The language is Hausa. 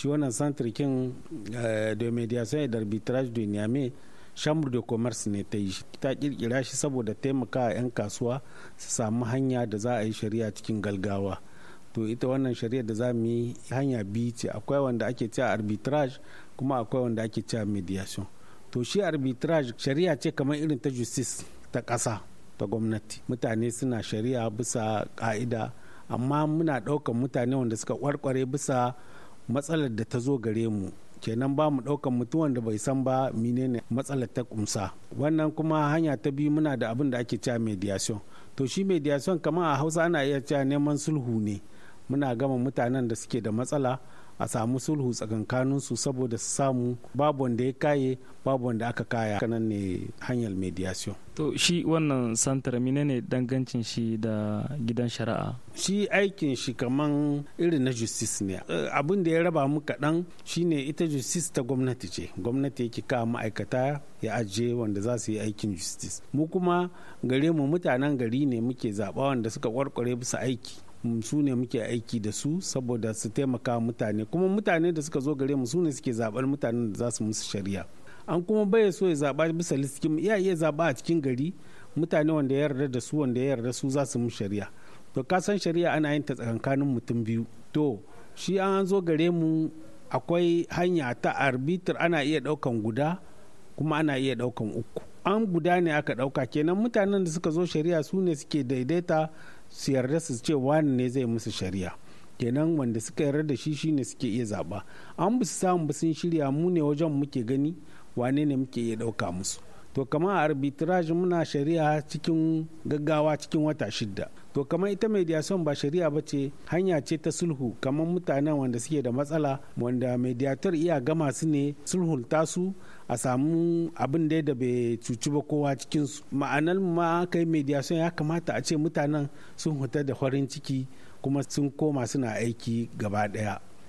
shi wannan kin eh, de mediation da arbitrage du niamey chambre de commerce ne ta yi ta kirkira shi saboda taimaka 'yan kasuwa su samu hanya da za a yi shari'a cikin galgawa to ita wannan shari'a da za mu yi hanya biyu ce akwai wanda ake cewa arbitrage kuma akwai wanda ake cewa mediation to shi arbitrage shari'a ce kamar irin ta justice ta ƙasa ta gwamnati mutane suna shari'a bisa ƙa'ida amma muna ɗaukan mutane wanda suka kwarkware bisa matsalar da ta zo gare mu kenan ba mu ɗaukan mutuwan da bai san ba menene matsalar ta kumsa wannan kuma hanya ta biyu muna da abin da ake cewa mediation to shi mediation kamar a hausa ana iya cewa neman sulhu ne muna gama mutanen da suke da matsala a samu sulhu tsakankanin su saboda su samu babu wanda ya kaye babu wanda aka kaya kanan ne hanyar mediation to shi wannan santar ne dangancin shi da gidan shari'a shi aikin shi kaman irin na justice ne eh, abin da ya raba mu kaɗan shine ita justice ta gwamnati ce gwamnati yake kawo ma'aikata ya ajiye wanda za su yi aikin justice mu kuma gare mu mutanen gari ne muke zaɓa wanda suka kwarkware bisa aiki su ne muke aiki da su saboda su taimaka mutane kuma mutane da suka zo gare mu su ne suke zaɓar mutanen da za su musu shari'a an kuma bai so ya zaɓa bisa listikin iya iya zaɓa a cikin gari mutane wanda ya yarda da su wanda ya yarda su za su mu shari'a to ka san shari'a ana yin ta tsakankanin mutum biyu to shi an zo gare mu akwai hanya ta arbitar ana iya ɗaukan guda kuma ana iya ɗaukan uku an guda ne aka ɗauka kenan mutanen da suka zo shari'a su ne suke daidaita su yarda su ce wani ne zai musu shari'a kenan wanda suka yarda da shi shine suke iya zaɓa an basu samun samu ba sun shirya mu ne wajen muke gani wane ne muke iya ɗauka musu to kamar arbitrage muna shari'a cikin gaggawa cikin wata shidda to kamar ita mediation ba shari'a ba ce hanya ce ta sulhu kamar mutanen wanda suke da matsala wanda mediator iya gama su ne sulhulta su a samu abin da da bai cuci ba kowa cikin su ma'anar ma kai mediation ya kamata a ce mutanen sun huta da farin ciki kuma sun koma suna aiki gaba daya